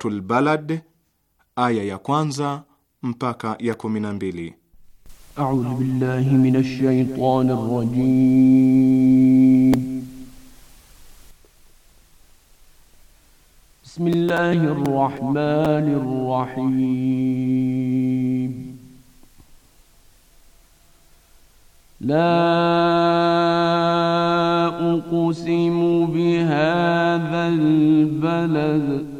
Suratul Balad aya ya kwanza mpaka ya kumi na mbili. A'udhu billahi minash shaitani rrajim. Bismillahir rahmanir rahim. La uqsimu bihadha albalad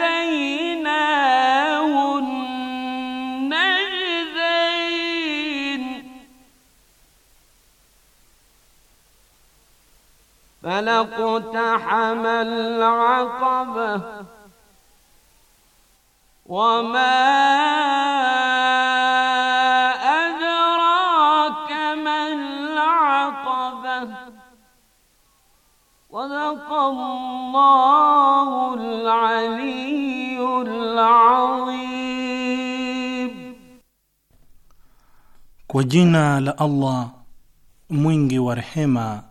فلقتحم العقبة وما أدراك ما العقبة صدق الله العلي العظيم kwa لألله la ورحمه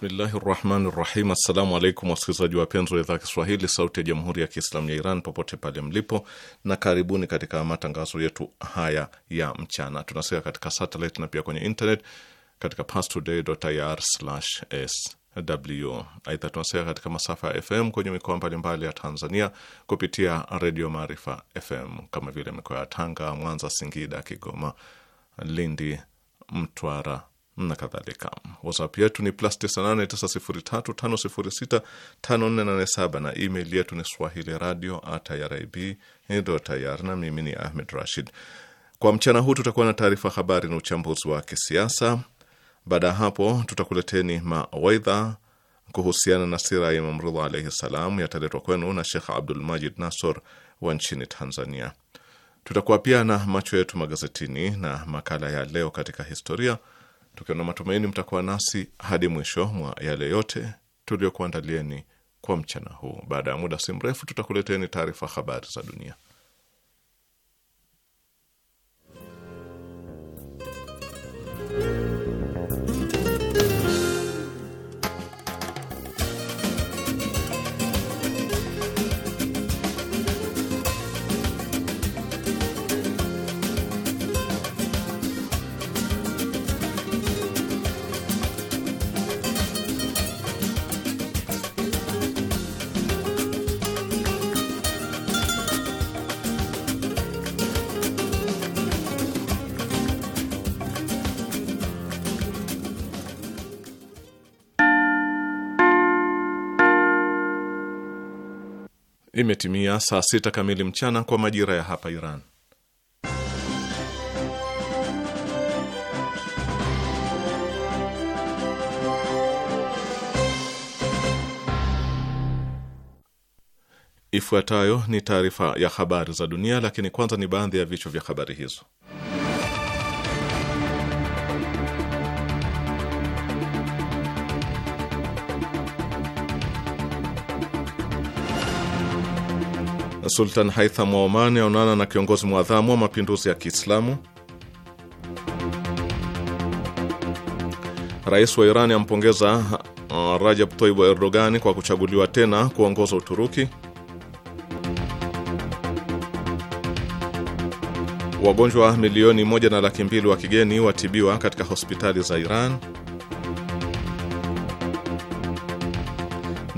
Bismillahi rahmani rahim. Assalamu alaikum wasikilizaji wapenzi wa idhaa ya Kiswahili sauti ya jamhuri ya Kiislamu ya Iran popote pale mlipo, na karibuni katika matangazo yetu haya ya mchana. tunasika katika satellite na pia kwenye internet katika pastoday.ir/sw. Aidha, tunasikia katika masafa ya FM kwenye mikoa mbalimbali ya Tanzania kupitia redio Maarifa FM kama vile mikoa ya Tanga, Mwanza, Singida, Kigoma, Lindi, Mtwara na kadhalika. WhatsApp yetu ni plus 989035065487 na email yetu ni swahili radio irib.ir. Na mimi ni Ahmed Rashid. Kwa mchana huu tutakuwa na taarifa habari na uchambuzi wa kisiasa. Baada ya hapo, tutakuleteni mawaidha kuhusiana na sira ya Imam Ridha alaihi salam, yataletwa kwenu na Shekh Abdul Majid Nasor wa nchini Tanzania. Tutakuwa pia na macho yetu magazetini na makala ya leo katika historia tukiwa na matumaini mtakuwa nasi hadi mwisho mwa yale yote tuliyokuandalieni kwa mchana huu. Baada ya muda si mrefu, tutakuleteni taarifa habari za dunia. Imetimia saa sita kamili mchana kwa majira ya hapa Iran. Ifuatayo ni taarifa ya habari za dunia, lakini kwanza ni baadhi ya vichwa vya habari hizo. Sultan Haitham wa Omani aonana na kiongozi mwadhamu wa mapinduzi ya Kiislamu. Rais wa Iran ampongeza uh, Rajab Toibu Erdogan kwa kuchaguliwa tena kuongoza Uturuki. Wagonjwa milioni moja na laki mbili wa kigeni watibiwa katika hospitali za Iran.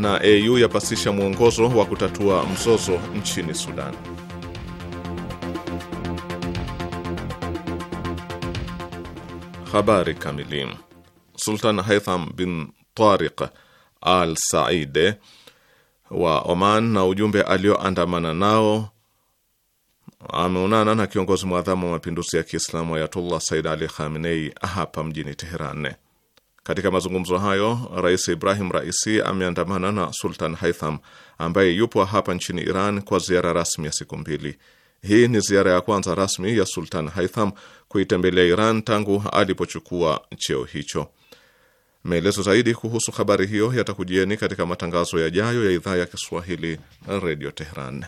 na AU yapasisha mwongozo wa kutatua mzozo nchini Sudan. Habari kamili. Sultan Haitham bin Tariq Al Saide wa Oman na ujumbe alioandamana nao ameonana na kiongozi mwadhamu wa mapinduzi ya Kiislamu Ayatullah Said Ali Khamenei hapa mjini Teheran. Katika mazungumzo hayo, Rais Ibrahim Raisi ameandamana na Sultan Haitham ambaye yupo hapa nchini Iran kwa ziara rasmi ya siku mbili. Hii ni ziara ya kwanza rasmi ya Sultan Haitham kuitembelea Iran tangu alipochukua cheo hicho. Maelezo zaidi kuhusu habari hiyo yatakujieni katika matangazo yajayo ya idhaa ya Kiswahili, Redio Teheran.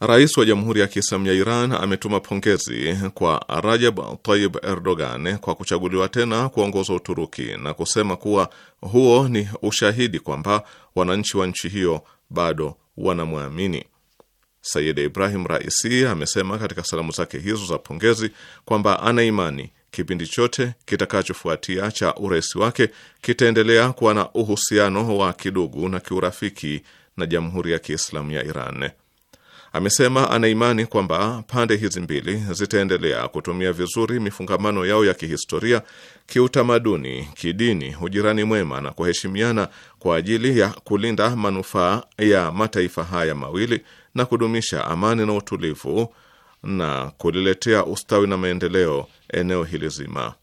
Rais wa Jamhuri ya Kiislamu ya Iran ametuma pongezi kwa Rajab Tayyip Erdogan kwa kuchaguliwa tena kuongoza Uturuki na kusema kuwa huo ni ushahidi kwamba wananchi wa nchi hiyo bado wanamwamini. Sayyid Ibrahim Raisi amesema katika salamu zake hizo za pongezi kwamba ana imani kipindi chote kitakachofuatia cha urais wake kitaendelea kuwa na uhusiano wa kidugu na kiurafiki na Jamhuri ya Kiislamu ya Iran. Amesema ana imani kwamba pande hizi mbili zitaendelea kutumia vizuri mifungamano yao ya kihistoria, kiutamaduni, kidini, ujirani mwema na kuheshimiana kwa ajili ya kulinda manufaa ya mataifa haya mawili na kudumisha amani na utulivu na kuliletea ustawi na maendeleo eneo hili zima.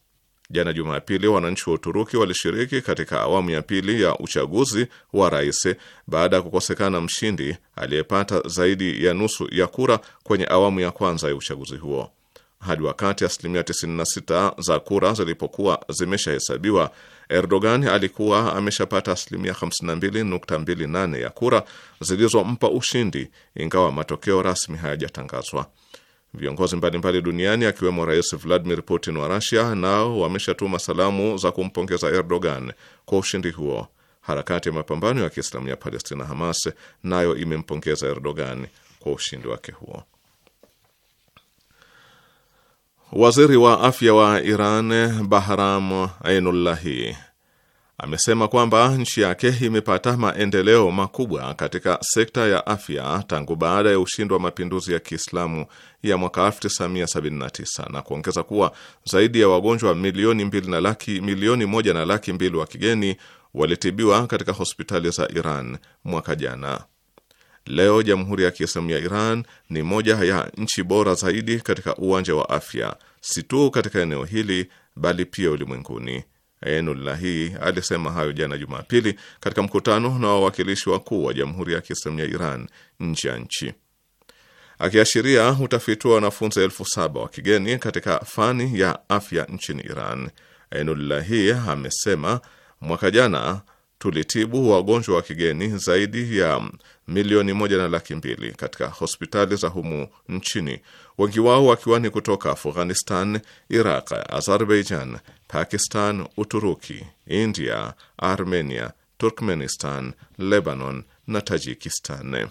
Jana Jumapili, wananchi wa Uturuki walishiriki katika awamu ya pili ya uchaguzi wa rais baada ya kukosekana mshindi aliyepata zaidi ya nusu ya kura kwenye awamu ya kwanza ya uchaguzi huo. Hadi wakati asilimia 96 za kura zilipokuwa zimeshahesabiwa, Erdogan alikuwa ameshapata asilimia 52.28 ya kura zilizompa ushindi, ingawa matokeo rasmi hayajatangazwa. Viongozi mbalimbali duniani akiwemo Rais Vladimir Putin wa Rusia nao wameshatuma salamu za kumpongeza Erdogan kwa ushindi huo. Harakati ya mapambano ya Kiislamu ya Palestina, Hamas, nayo imempongeza Erdogan kwa ushindi wake huo. Waziri wa afya wa Iran Bahram Ainullahi amesema kwamba nchi yake imepata maendeleo makubwa katika sekta ya afya tangu baada ya ushindi wa mapinduzi ya Kiislamu ya mwaka 1979 na kuongeza kuwa zaidi ya wagonjwa milioni mbili na laki milioni moja na laki mbili wa kigeni walitibiwa katika hospitali za Iran mwaka jana. Leo Jamhuri ya Kiislamu ya Iran ni moja ya nchi bora zaidi katika uwanja wa afya, si tu katika eneo hili bali pia ulimwenguni. Ainullahi alisema hayo jana Jumapili katika mkutano na wawakilishi wakuu wa Jamhuri ya Kiislamu ya Iran nchi ya nchi, akiashiria utafiti wa wanafunzi elfu saba wa kigeni katika fani ya afya nchini Iran. Ainullahi amesema mwaka jana tulitibu wagonjwa wa kigeni zaidi ya milioni moja na laki mbili katika hospitali za humu nchini, wengi wao wakiwa ni kutoka Afghanistan, Iraq, Azerbaijan, Pakistan, Uturuki, India, Armenia, Turkmenistan, Lebanon na Tajikistan.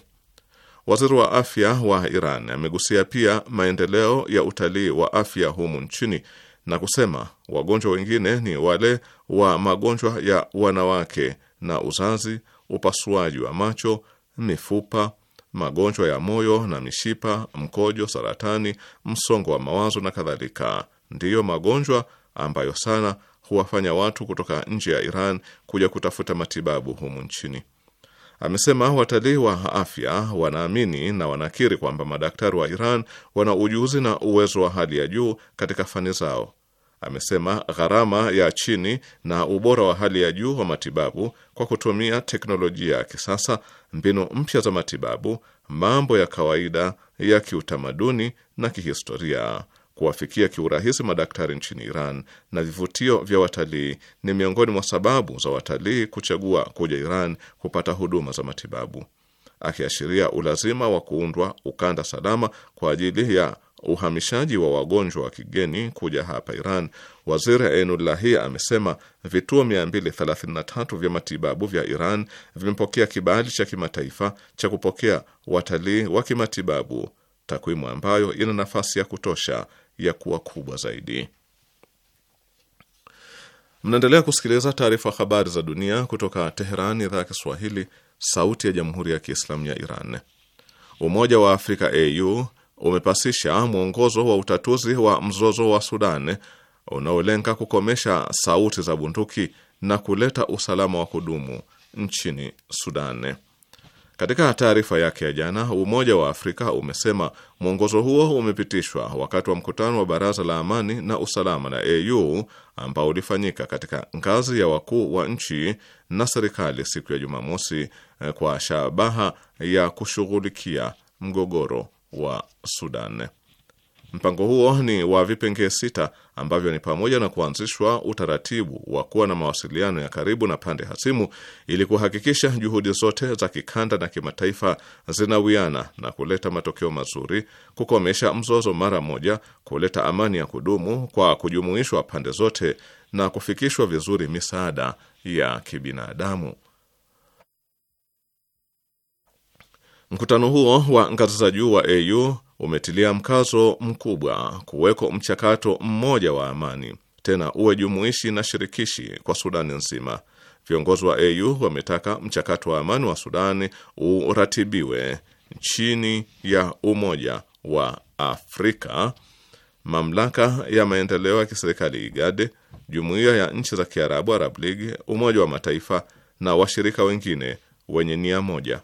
Waziri wa afya wa Iran amegusia pia maendeleo ya utalii wa afya humu nchini na kusema wagonjwa wengine ni wale wa magonjwa ya wanawake na uzazi, upasuaji wa macho, mifupa, magonjwa ya moyo na mishipa, mkojo, saratani, msongo wa mawazo na kadhalika, ndiyo magonjwa ambayo sana huwafanya watu kutoka nje ya Iran kuja kutafuta matibabu humu nchini. Amesema watalii wa afya wanaamini na wanakiri kwamba madaktari wa Iran wana ujuzi na uwezo wa hali ya juu katika fani zao Amesema gharama ya chini na ubora wa hali ya juu wa matibabu kwa kutumia teknolojia ya kisasa, mbinu mpya za matibabu, mambo ya kawaida ya kiutamaduni na kihistoria kuwafikia kiurahisi madaktari nchini Iran na vivutio vya watalii ni miongoni mwa sababu za watalii kuchagua kuja Iran kupata huduma za matibabu, akiashiria ulazima wa kuundwa ukanda salama kwa ajili ya uhamishaji wa wagonjwa wa kigeni kuja hapa Iran, waziri Ainullahi amesema vituo 233 vya matibabu vya Iran vimepokea kibali cha kimataifa cha kupokea watalii wa kimatibabu, takwimu ambayo ina nafasi ya kutosha ya kuwa kubwa zaidi. Mnaendelea kusikiliza taarifa habari za dunia kutoka Teheran, idhaa ya Kiswahili, sauti ya jamhuri ya kiislamu ya Iran. Umoja wa Afrika au umepasisha mwongozo wa utatuzi wa mzozo wa Sudan unaolenga kukomesha sauti za bunduki na kuleta usalama wa kudumu nchini Sudan. Katika taarifa yake ya jana, Umoja wa Afrika umesema mwongozo huo umepitishwa wakati wa mkutano wa Baraza la Amani na Usalama la AU ambao ulifanyika katika ngazi ya wakuu wa nchi na serikali siku ya Jumamosi kwa shabaha ya kushughulikia mgogoro wa Sudan. Mpango huo ni wa vipengee sita ambavyo ni pamoja na kuanzishwa utaratibu wa kuwa na mawasiliano ya karibu na pande hasimu ili kuhakikisha juhudi zote za kikanda na kimataifa zinawiana na kuleta matokeo mazuri, kukomesha mzozo mara moja, kuleta amani ya kudumu kwa kujumuishwa pande zote na kufikishwa vizuri misaada ya kibinadamu. Mkutano huo wa ngazi za juu wa AU umetilia mkazo mkubwa kuweko mchakato mmoja wa amani, tena uwe jumuishi na shirikishi kwa Sudani nzima. Viongozi wa AU wametaka mchakato wa amani wa Sudani uratibiwe chini ya Umoja wa Afrika, Mamlaka ya Maendeleo ya Kiserikali IGAD, Jumuiya ya Nchi za Kiarabu Arab League, Umoja wa Mataifa na washirika wengine wenye nia moja.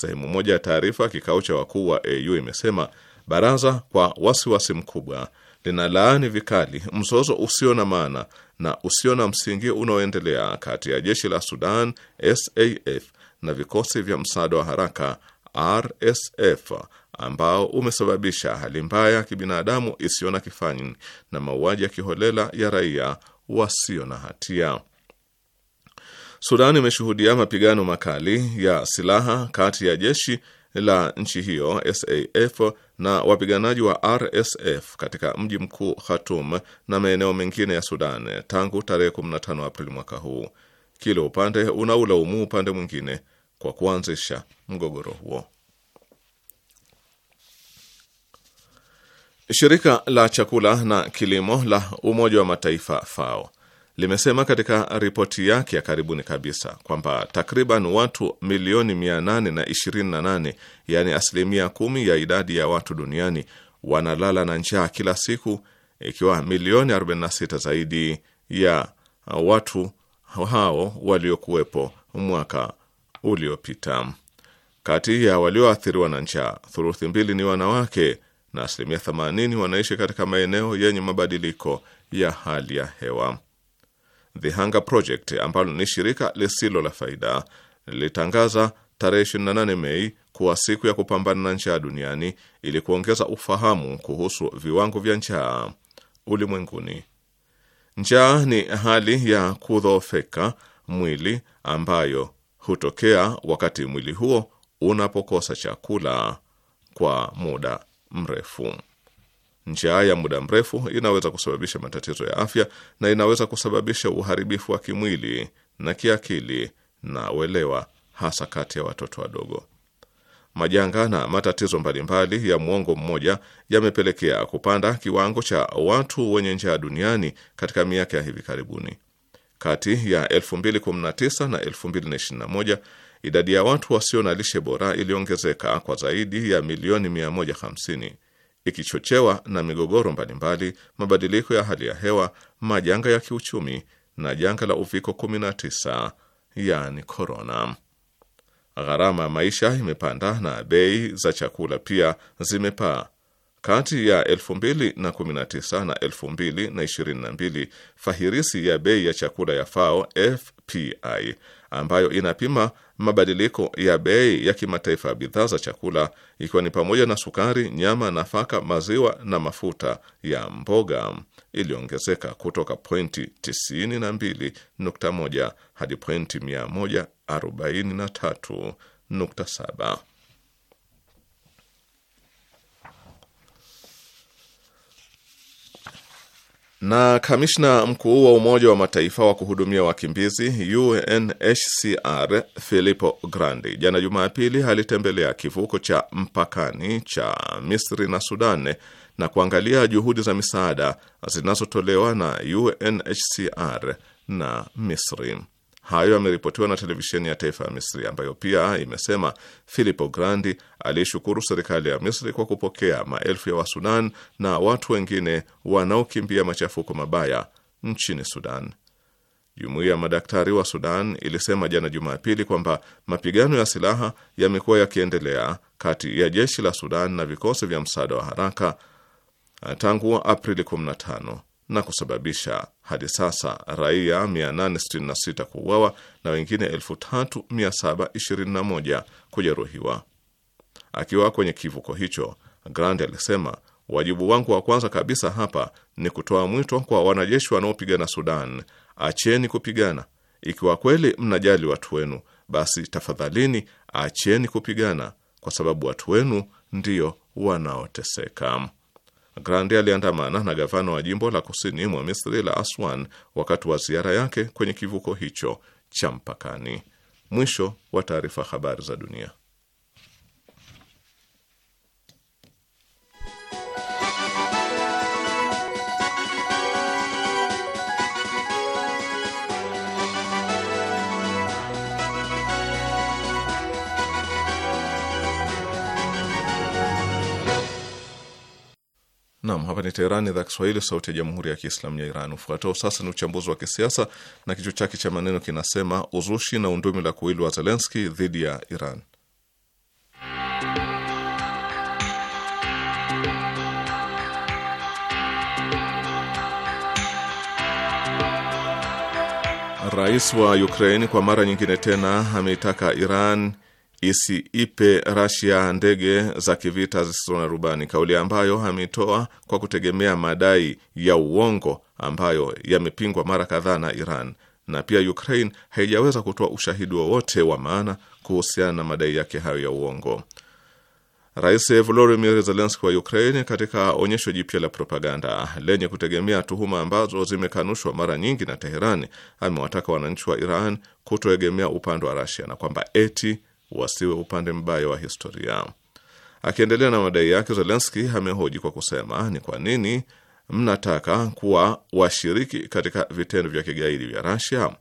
Sehemu moja ya taarifa kikao cha wakuu wa AU imesema baraza kwa wasiwasi wasi mkubwa linalaani vikali mzozo usio na maana na usio na msingi unaoendelea kati ya jeshi la Sudan SAF na vikosi vya msaada wa haraka RSF ambao umesababisha hali mbaya ya kibinadamu isiyo na kifani na mauaji ya kiholela ya raia wasio na hatia. Sudan imeshuhudia mapigano makali ya silaha kati ya jeshi la nchi hiyo SAF na wapiganaji wa RSF katika mji mkuu Khartoum na maeneo mengine ya Sudan tangu tarehe 15 Aprili mwaka huu. Kila upande unaulaumu upande mwingine kwa kuanzisha mgogoro huo. Shirika la chakula na kilimo la Umoja wa Mataifa FAO limesema katika ripoti yake ya karibuni kabisa kwamba takriban watu milioni 828 yaani asilimia kumi ya idadi ya watu duniani wanalala na njaa kila siku, ikiwa milioni 46 zaidi ya watu hao waliokuwepo mwaka uliopita. Kati ya walioathiriwa na njaa, thuluthi mbili ni wanawake na asilimia 80 wanaishi katika maeneo yenye mabadiliko ya hali ya hewa. The Hunger Project ambalo ni shirika lisilo la faida lilitangaza tarehe 28 Mei kuwa siku ya kupambana na njaa duniani ili kuongeza ufahamu kuhusu viwango vya njaa ulimwenguni. Njaa ni hali ya kudhoofeka mwili ambayo hutokea wakati mwili huo unapokosa chakula kwa muda mrefu. Njaa ya muda mrefu inaweza kusababisha matatizo ya afya na inaweza kusababisha uharibifu wa kimwili na kiakili na uelewa, hasa kati ya watoto wadogo. Majanga na matatizo mbalimbali ya mwongo mmoja yamepelekea kupanda kiwango cha watu wenye njaa duniani katika miaka ya hivi karibuni. Kati ya 2019 na 2021 idadi ya watu wasio na lishe bora iliongezeka kwa zaidi ya milioni 150 ikichochewa na migogoro mbalimbali, mabadiliko ya hali ya hewa, majanga ya kiuchumi na janga la uviko 19, yani korona. Gharama ya maisha imepanda na bei za chakula pia zimepaa. Kati ya 2019 na 2022 fahirisi ya bei ya chakula ya FAO FPI ambayo inapima mabadiliko ya bei ya kimataifa ya bidhaa za chakula ikiwa ni pamoja na sukari, nyama, nafaka, maziwa na mafuta ya mboga iliongezeka kutoka pointi 92.1 hadi pointi 143.7. Na kamishna mkuu wa Umoja wa Mataifa wa kuhudumia wakimbizi UNHCR Filippo Grandi jana Jumapili alitembelea kivuko cha mpakani cha Misri na Sudan na kuangalia juhudi za misaada zinazotolewa na UNHCR na Misri. Hayo yameripotiwa na televisheni ya taifa ya Misri ambayo pia imesema Filippo Grandi aliishukuru serikali ya Misri kwa kupokea maelfu ya Wasudan na watu wengine wanaokimbia machafuko mabaya nchini Sudan. Jumuiya ya madaktari wa Sudan ilisema jana Jumapili kwamba mapigano ya silaha yamekuwa yakiendelea kati ya jeshi la Sudan na vikosi vya msaada wa haraka tangu Aprili 15 na kusababisha hadi sasa raia 866 kuuawa na wengine 3721 kujeruhiwa. Akiwa kwenye kivuko hicho, Grandi alisema wajibu wangu wa kwanza kabisa hapa ni kutoa mwito kwa wanajeshi wanaopigana Sudan, acheni kupigana. Ikiwa kweli mnajali watu wenu, basi tafadhalini acheni kupigana, kwa sababu watu wenu ndio wanaoteseka. Grandi aliandamana na gavana wa jimbo la kusini mwa Misri la Aswan wakati wa ziara yake kwenye kivuko hicho cha mpakani. Mwisho wa taarifa. Habari za dunia. Nam, hapa ni Teherani, idhaa Kiswahili, sauti ya jamhuri ya kiislamu ya Iran. Ufuatao sasa ni uchambuzi wa kisiasa na kichwa chake cha maneno kinasema uzushi na undumi la kuwili wa Zelenski dhidi ya Iran. Rais wa Ukraini kwa mara nyingine tena ameitaka Iran isiipe Rasia ndege za kivita zisizo na rubani, kauli ambayo ameitoa kwa kutegemea madai ya uongo ambayo yamepingwa mara kadhaa na Iran na pia Ukraine haijaweza kutoa ushahidi wowote wa, wa maana kuhusiana na madai yake hayo ya uongo. Rais Volodymyr Zelensky wa Ukraine katika onyesho jipya la propaganda lenye kutegemea tuhuma ambazo zimekanushwa mara nyingi na Teherani amewataka wananchi wa Iran kutoegemea upande wa Russia na kwamba eti wasiwe upande mbaya wa historia. Akiendelea na madai yake, Zelenski amehoji kwa kusema, ni kwa nini mnataka kuwa washiriki katika vitendo vya kigaidi vya rasia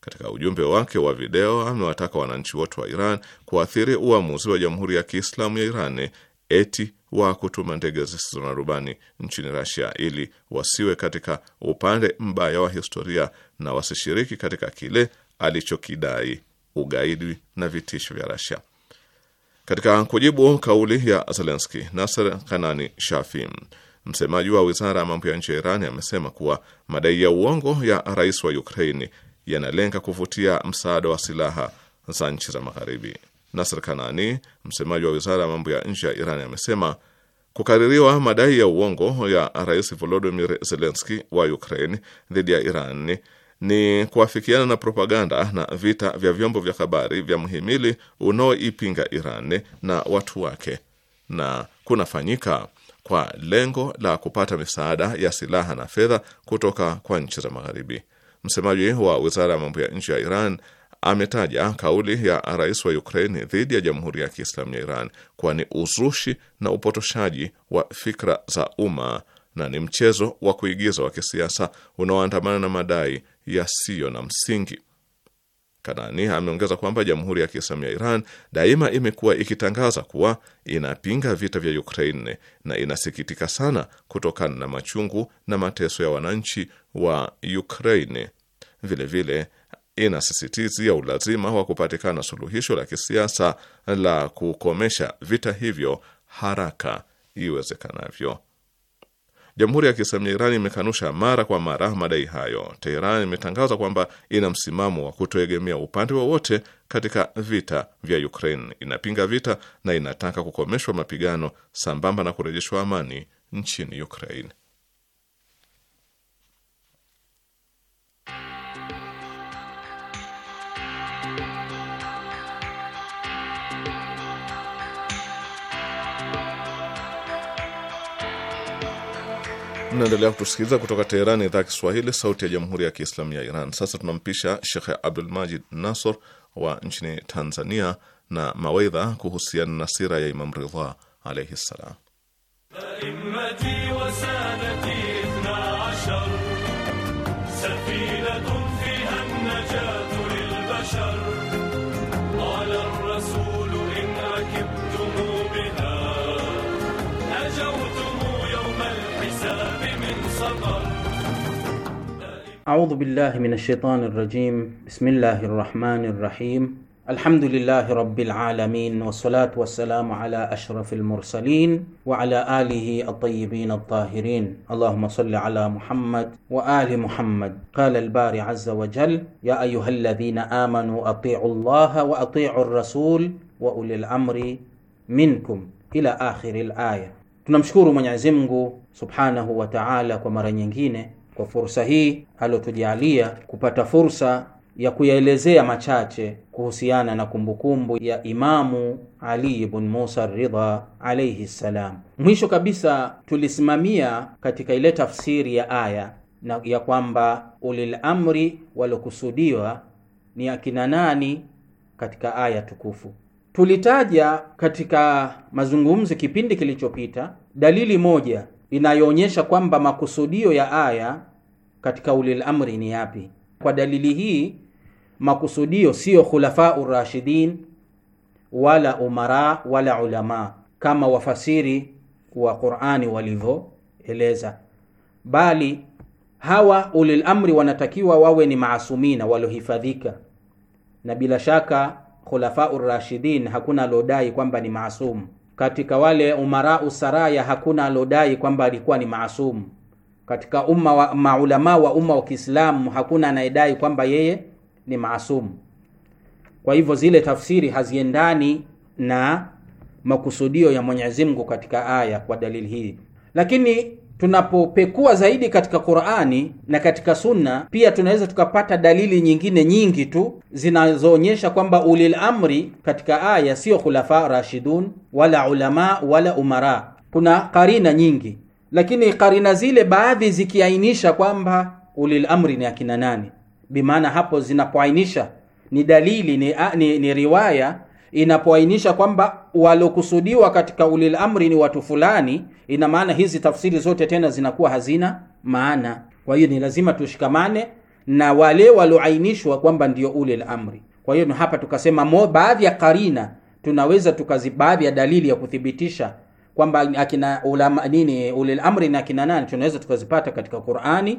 Katika ujumbe wake wa video amewataka wananchi wote wa Iran kuathiri uamuzi wa Jamhuri ya Kiislamu ya Iran eti wa kutuma ndege zisizo na rubani nchini rasia ili wasiwe katika upande mbaya wa historia na wasishiriki katika kile alichokidai ugaidi na vitisho vya Rasia. Katika kujibu kauli ya Zelenski, Nasser Kanani Shafi, msemaji wa wizara ya mambo ya nje ya iran amesema kuwa madai ya uongo ya rais wa Ukraini yanalenga kuvutia msaada wa silaha za nchi za Magharibi. Nasser Kanani, msemaji wa wizara ya mambo ya nje ya iran amesema kukaririwa madai ya uongo ya rais Volodymyr Zelensky wa Ukraine dhidi ya Iran ni kuafikiana na propaganda na vita vya vyombo vya habari vya mhimili unaoipinga Iran na watu wake, na kunafanyika kwa lengo la kupata misaada ya silaha na fedha kutoka kwa nchi za Magharibi. Msemaji wa wizara ya mambo ya nje ya Iran ametaja kauli ya rais wa Ukraini dhidi ya Jamhuri ya Kiislamu ya Iran kuwa ni uzushi na upotoshaji wa fikra za umma na ni mchezo wa kuigiza wa kisiasa unaoandamana na madai yasiyo na msingi. Kanani ameongeza kwamba Jamhuri ya Kiislamu ya Iran daima imekuwa ikitangaza kuwa inapinga vita vya Ukraine na inasikitika sana kutokana na machungu na mateso ya wananchi wa Ukraine. Vilevile inasisitizia ulazima wa kupatikana suluhisho la kisiasa la kukomesha vita hivyo haraka iwezekanavyo. Jamhuri ya Kiislamia Iran imekanusha mara kwa mara madai hayo. Teheran imetangaza kwamba ina msimamo wa kutoegemea upande wowote katika vita vya Ukraine, inapinga vita na inataka kukomeshwa mapigano sambamba na kurejeshwa amani nchini Ukraine. Mnaendelea kutusikiliza kutoka Teherani, idhaa Kiswahili, sauti ya jamhuri ya kiislamu ya Iran. Sasa tunampisha Shekhe Abdul Majid Nasor wa nchini Tanzania na mawaidha kuhusiana na sira ya Imam Ridha alaihi ssalam. أعوذ بالله من الشيطان الرجيم بسم الله الرحمن الرحيم الحمد لله رب العالمين والصلاة والسلام على أشرف المرسلين وعلى آله الطيبين الطاهرين اللهم صل على محمد وآل محمد قال الباري عز وجل يا أيها الذين آمنوا أطيعوا الله وأطيعوا الرسول وأولي الأمر منكم إلى آخر الآية tunamshukuru من mungu سبحانه وتعالى كما kwa kwa fursa hii aliyotujalia kupata fursa ya kuyaelezea machache kuhusiana na kumbukumbu ya Imamu Ali ibn Musa Ridha alayhi salam. Mwisho kabisa, tulisimamia katika ile tafsiri ya aya na ya kwamba ulil amri waliokusudiwa ni akina nani katika aya tukufu. Tulitaja katika mazungumzo kipindi kilichopita dalili moja inayoonyesha kwamba makusudio ya aya katika ulil amri ni yapi. Kwa dalili hii, makusudio siyo khulafau rashidin wala umara wala ulama kama wafasiri wa Qur'ani walivyoeleza, bali hawa ulil amri wanatakiwa wawe ni maasumina waliohifadhika, na bila shaka khulafau rashidin hakuna alodai kwamba ni maasumu katika wale umarau saraya hakuna alodai kwamba alikuwa ni maasumu. Katika umma wa maulama wa umma wa Kiislamu hakuna anayedai kwamba yeye ni maasumu. Kwa hivyo zile tafsiri haziendani na makusudio ya Mwenyezi Mungu katika aya kwa dalili hii, lakini tunapopekua zaidi katika Qur'ani na katika Sunna, pia tunaweza tukapata dalili nyingine nyingi tu zinazoonyesha kwamba ulil amri katika aya sio khulafa rashidun wala ulama wala umara. Kuna karina nyingi, lakini karina zile baadhi zikiainisha kwamba ulil amri ni akina nani, bimaana hapo zinapoainisha ni dalili ni, ni, ni riwaya inapoainisha kwamba walokusudiwa katika ulil amri ni watu fulani, ina maana hizi tafsiri zote tena zinakuwa hazina maana. Kwa hiyo ni lazima tushikamane na wale walioainishwa kwamba ndio ulil amri. Kwa hiyo hapa tukasema mo, baadhi ya karina tunaweza tukazi, baadhi ya dalili ya kuthibitisha kwamba akina ulama nini ulil amri na akina nani tunaweza tukazipata katika Qur'ani,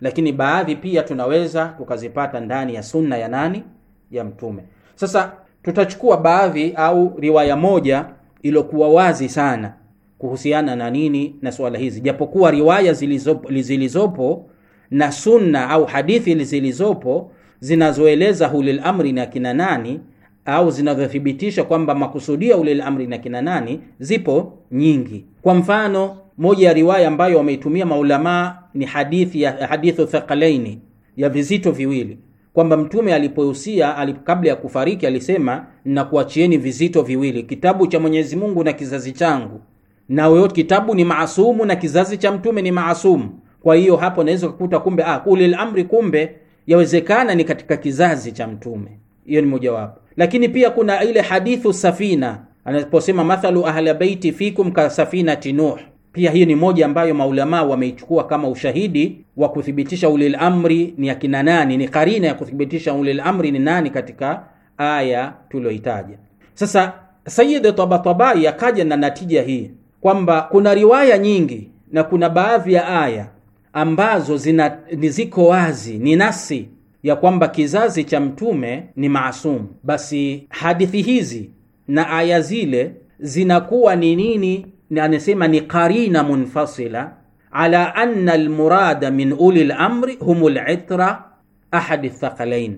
lakini baadhi pia tunaweza tukazipata ndani ya sunna ya nani ya Mtume. Sasa tutachukua baadhi au riwaya moja iliyokuwa wazi sana kuhusiana na nini na suala hizi, japokuwa riwaya zilizopo, zilizopo na sunna au hadithi zilizopo zinazoeleza ulil amri na kina nani au zinazothibitisha kwamba makusudia ulil amri na kina nani zipo nyingi. Kwa mfano, moja ya riwaya ambayo wameitumia maulamaa ni hadithi ya hadithu thaqalaini ya vizito viwili kwamba mtume alipohusia kabla ya kufariki alisema, na kuachieni vizito viwili, kitabu cha Mwenyezi Mungu na kizazi changu. Na wewe kitabu ni maasumu na kizazi cha mtume ni maasumu. Kwa hiyo hapo unaweza kukuta kumbe, ah, ulil amri, kumbe yawezekana ni katika kizazi cha mtume. Hiyo ni mojawapo, lakini pia kuna ile hadithu safina anaposema, mathalu ahla baiti fikum ka safinati Nuh pia hii ni moja ambayo maulamaa wameichukua kama ushahidi wa kuthibitisha ulil amri ni akina nani, ni karina ya kuthibitisha ulil amri ni nani katika aya tuliyoitaja. Sasa Sayyid Tabatabai akaja na natija hii kwamba kuna riwaya nyingi na kuna baadhi ya aya ambazo zina, ni ziko wazi ni nasi ya kwamba kizazi cha mtume ni maasumu. Basi hadithi hizi na aya zile zinakuwa ni nini anasema ni qarina munfasila ala anna almurada min uli lamri hum litra ahadi thaqalain.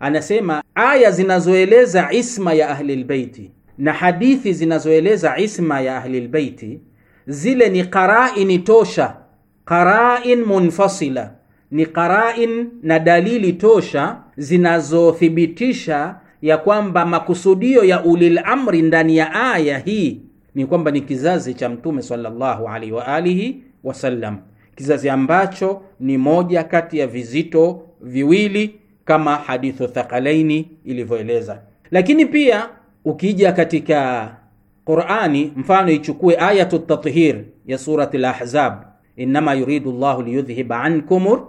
Anasema aya zinazoeleza isma ya ahli lbeiti na hadithi zinazoeleza isma ya ahli lbeiti zile ni qaraini tosha, qarain munfasila ni qarain na dalili tosha zinazothibitisha ya kwamba makusudio ya ulil amri ndani ya aya hii ni kwamba ni kizazi cha Mtume sallallahu alaihi wa alihi wasallam, kizazi ambacho ni moja kati ya vizito viwili kama hadithu thaqalaini ilivyoeleza. Lakini pia ukija katika Qur'ani, mfano ichukue ayatu tathir ya surati al-Ahzab, innama yuridu llahu liyudhhiba ankum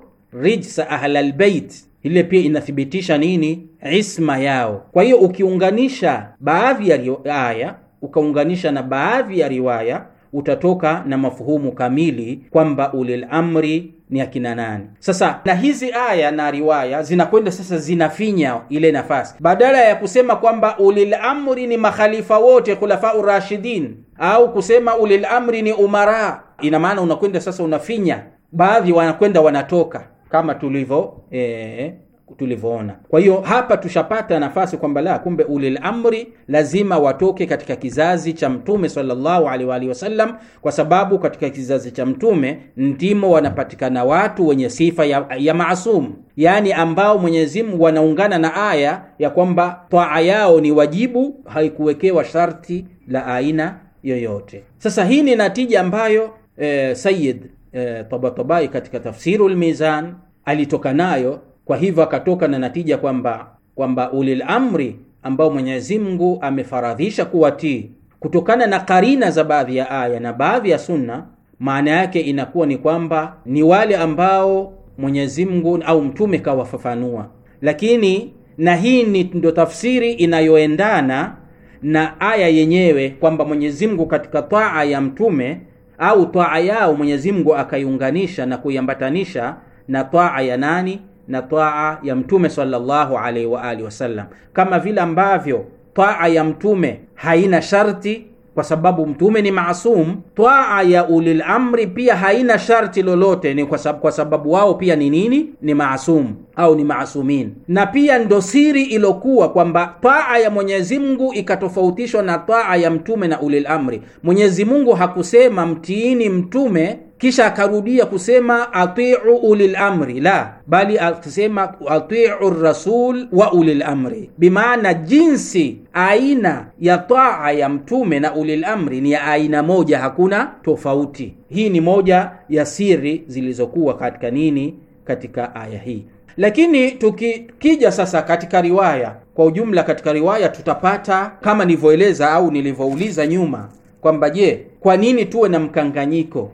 rijsa ahla albayt. Ile pia inathibitisha nini? Isma yao. Kwa hiyo ukiunganisha baadhi ya aya ukaunganisha na baadhi ya riwaya utatoka na mafuhumu kamili kwamba ulil amri ni akina nani. Sasa na hizi aya na riwaya zinakwenda sasa, zinafinya ile nafasi, badala ya kusema kwamba ulil amri ni makhalifa wote khulafau rashidin, au kusema ulil amri ni umara. Ina maana unakwenda sasa, unafinya baadhi, wanakwenda wanatoka kama tulivyo eh, tulivyoona. Kwa hiyo hapa tushapata nafasi kwamba la kumbe ulil amri lazima watoke katika kizazi cha Mtume sallallahu alaihi wa alihi wasallam, kwa sababu katika kizazi cha Mtume ndimo wanapatikana watu wenye sifa ya, ya maasum, yaani ambao Mwenyezi Mungu wanaungana na aya ya kwamba taa yao ni wajibu, haikuwekewa sharti la aina yoyote. Sasa hii ni natija ambayo e, Sayyid e, Tabatabai katika Tafsirul Mizan alitoka nayo kwa hivyo akatoka na natija kwamba kwamba ulil amri ambao Mwenyezi Mungu amefaradhisha kuwatii kutokana na karina za baadhi ya aya na baadhi ya sunna, maana yake inakuwa ni kwamba ni wale ambao Mwenyezi Mungu au mtume kawafafanua, lakini na hii ni ndo tafsiri inayoendana na aya yenyewe kwamba Mwenyezi Mungu katika taa ya mtume au taa yao Mwenyezi Mungu akaiunganisha na kuiambatanisha na taa ya nani? na taa ya mtume sallallahu alaihi wa alihi wasallam, kama vile ambavyo taa ya mtume haina sharti kwa sababu mtume ni maasum. Twaa ya ulil amri pia haina sharti lolote, ni kwa sababu, kwa sababu wao pia ni nini? Ni maasum au ni maasumin. Na pia ndo siri ilokuwa kwamba twaa ya Mwenyezi Mungu ikatofautishwa na twaa ya mtume na ulil amri. Mwenyezi Mungu hakusema mtiini mtume kisha akarudia kusema atiu ulil amri, la bali akisema atiu rasul wa ulil amri, bimaana jinsi aina ya taa ya mtume na ulil amri ni ya aina moja, hakuna tofauti. Hii ni moja ya siri zilizokuwa katika nini, katika aya hii. Lakini tukija sasa katika riwaya kwa ujumla, katika riwaya tutapata kama nilivyoeleza au nilivyouliza nyuma kwamba je, kwa nini tuwe na mkanganyiko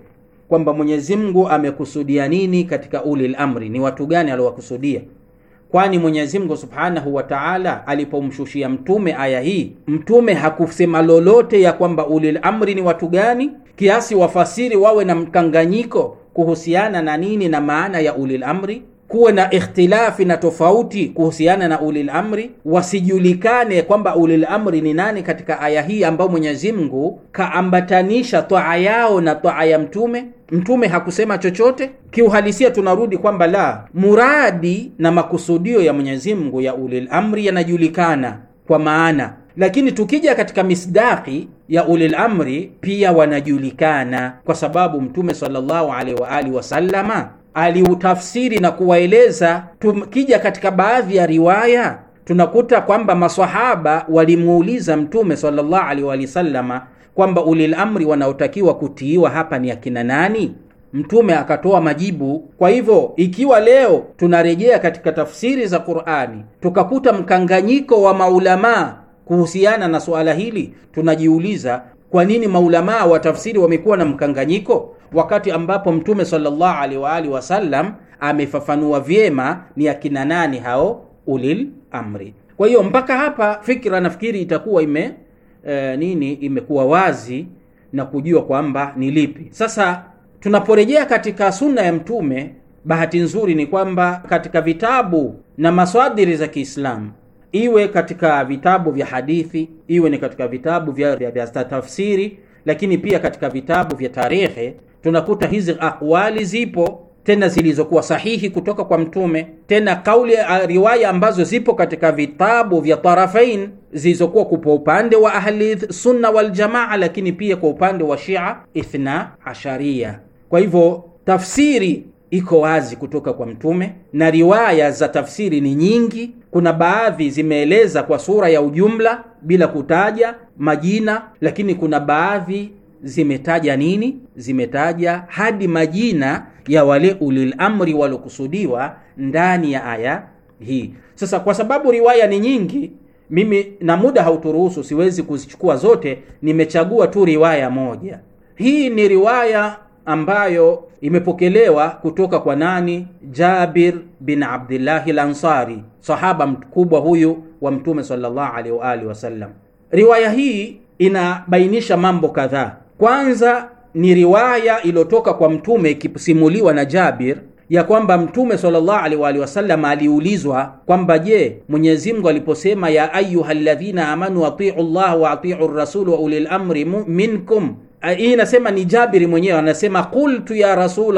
kwamba Mwenyezi Mungu amekusudia nini katika uli amri, ni watu gani aliowakusudia. Kwani Mwenyezi Mungu Subhanahu wa Ta'ala alipomshushia mtume aya hii, mtume hakusema lolote ya kwamba ulil amri ni watu gani, kiasi wafasiri wawe na mkanganyiko kuhusiana na nini na maana ya ulil amri kuwe na ikhtilafi na tofauti kuhusiana na ulil amri, wasijulikane kwamba ulil amri ni nani katika aya hii ambayo Mwenyezi Mungu kaambatanisha twaa yao na twaa ya mtume. Mtume hakusema chochote kiuhalisia. Tunarudi kwamba la muradi na makusudio ya Mwenyezi Mungu ya ulil amri yanajulikana kwa maana, lakini tukija katika misdaki ya ulil amri pia wanajulikana, kwa sababu Mtume sallallahu alaihi wa alihi wasallama aliutafsiri na kuwaeleza. Tukija katika baadhi ya riwaya tunakuta kwamba maswahaba walimuuliza Mtume sallallahu alaihi wa sallama kwamba ulil amri wanaotakiwa kutiiwa hapa ni akina nani? Mtume akatoa majibu. Kwa hivyo ikiwa leo tunarejea katika tafsiri za Qur'ani tukakuta mkanganyiko wa maulamaa kuhusiana na suala hili, tunajiuliza kwa nini maulamaa wa tafsiri wamekuwa na mkanganyiko, wakati ambapo Mtume sallallahu alaihi wa alihi wasallam amefafanua vyema ni akina nani hao ulil amri? Kwa hiyo mpaka hapa fikra nafikiri itakuwa ime e, nini imekuwa wazi na kujua kwamba ni lipi. Sasa tunaporejea katika sunna ya Mtume, bahati nzuri ni kwamba katika vitabu na maswadiri za Kiislamu iwe katika vitabu vya hadithi, iwe ni katika vitabu vya, vya, vya tafsiri, lakini pia katika vitabu vya tarehe tunakuta hizi aqwali zipo tena zilizokuwa sahihi kutoka kwa Mtume, tena kauli riwaya ambazo zipo katika vitabu vya tarafain zilizokuwa kwa upande wa ahli sunna wal jamaa, lakini pia kwa upande wa Shia ithna asharia. Kwa hivyo tafsiri iko wazi kutoka kwa Mtume, na riwaya za tafsiri ni nyingi. Kuna baadhi zimeeleza kwa sura ya ujumla bila kutaja majina, lakini kuna baadhi zimetaja nini? Zimetaja hadi majina ya wale ulil amri waliokusudiwa ndani ya aya hii. Sasa kwa sababu riwaya ni nyingi, mimi na muda hauturuhusu, siwezi kuzichukua zote, nimechagua tu riwaya moja. Hii ni riwaya ambayo imepokelewa kutoka kwa nani? Jabir bin Abdillahi Lansari, sahaba mkubwa huyu wa Mtume sallallahu alaihi wa alihi wasallam. Riwaya hii inabainisha mambo kadhaa. Kwanza ni riwaya iliyotoka kwa Mtume ikisimuliwa na Jabir ya kwamba Mtume sallallahu alaihi wa alihi wasallam aliulizwa kwamba je, Mwenyezi Mungu aliposema ya ayuha alladhina amanu atiu llaha wa atiu rasul wa ulil amri minkum Ah, hii inasema ni Jabiri mwenyewe anasema, qultu ya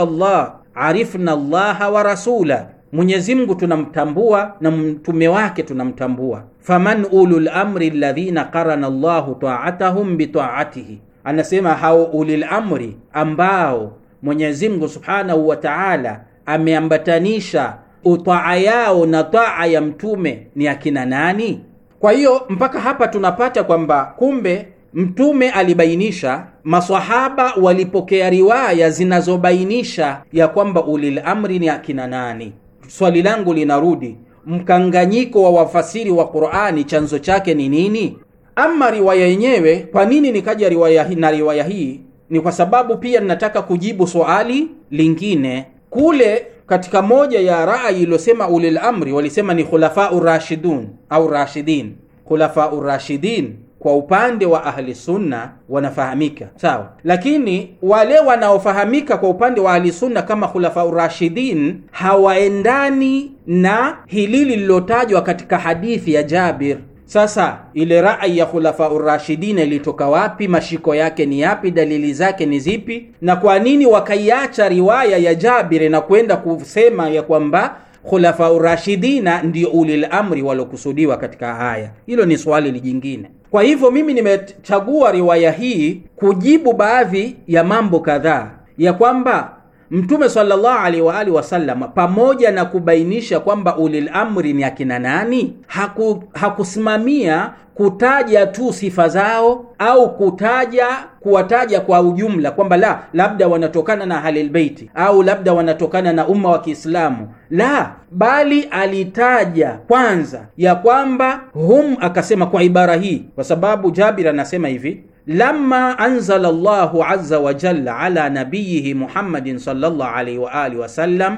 llah arifna llaha wa rasula, Mwenyezi Mungu tunamtambua na mtume wake tunamtambua. Faman ulul amri alladhina qarana llahu taatahum bitaatihi, anasema hao ulil amri ambao Mwenyezi Mungu subhanahu wa taala ameambatanisha utaa yao na taa ya mtume ni akina nani? Kwa hiyo mpaka hapa tunapata kwamba kumbe Mtume alibainisha, maswahaba walipokea riwaya zinazobainisha ya kwamba ulil amri ni akina nani. Swali langu linarudi, mkanganyiko wa wafasiri wa Qur'ani chanzo chake ni nini? Ama riwaya yenyewe, kwa nini nikaja riwaya na riwaya hii? Ni kwa sababu pia ninataka kujibu swali lingine kule katika moja ya rai iliyosema ulil amri, walisema ni khulafau rashidun au rashidin, khulafau rashidin kwa upande wa ahli sunna wanafahamika sawa, lakini wale wanaofahamika kwa upande wa ahli sunna kama khulafa urashidin hawaendani na hili lililotajwa katika hadithi ya Jabir. Sasa ile rai ya khulafa urashidin ilitoka wapi? Mashiko yake ni yapi? Dalili zake ni zipi? Na kwa nini wakaiacha riwaya ya Jabir na kwenda kusema ya kwamba khulafa urashidina ndio ulil amri walokusudiwa katika haya? Hilo ni swali lijingine. Kwa hivyo mimi nimechagua riwaya hii kujibu baadhi ya mambo kadhaa ya kwamba Mtume sallallahu alaihi wa alihi wasallam pamoja na kubainisha kwamba ulil amri ni akina nani, haku, hakusimamia kutaja tu sifa zao au kutaja kuwataja kwa ujumla kwamba la labda wanatokana na ahlul au labda wanatokana na umma wa Kiislamu. La, bali alitaja kwanza ya kwamba hum, akasema kwa ibara hii, kwa sababu Jabir anasema hivi lamma anzala Allahu azza wa jalla ala nabiyihi Muhammadin sallallahu alaihi wa alihi wasallam,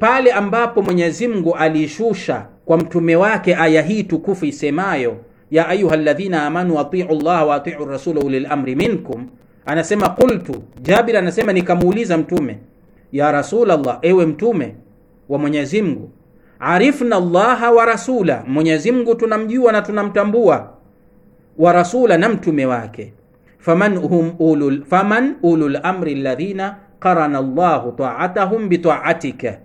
pale ambapo Mwenyezi Mungu alishusha kwa mtume wake aya hii tukufu isemayo ya ayuha alladhina amanu atiu llaha wa atiu rasula ulil amri minkum, anasema qultu, Jabir anasema nikamuuliza mtume, ya Rasulullah, ewe mtume wa Mwenyezi Mungu, arifna llaha wa rasula, Mwenyezi Mungu tunamjua na tunamtambua wa rasula na mtume wake faman hum ulul, faman ulul amri alladhina qarana llahu taatahum bitaatika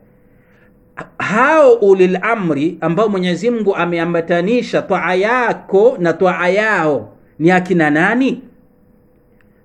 hao ulil amri ambao Mwenyezi Mungu ameambatanisha taa yako na taa yao ni akina nani?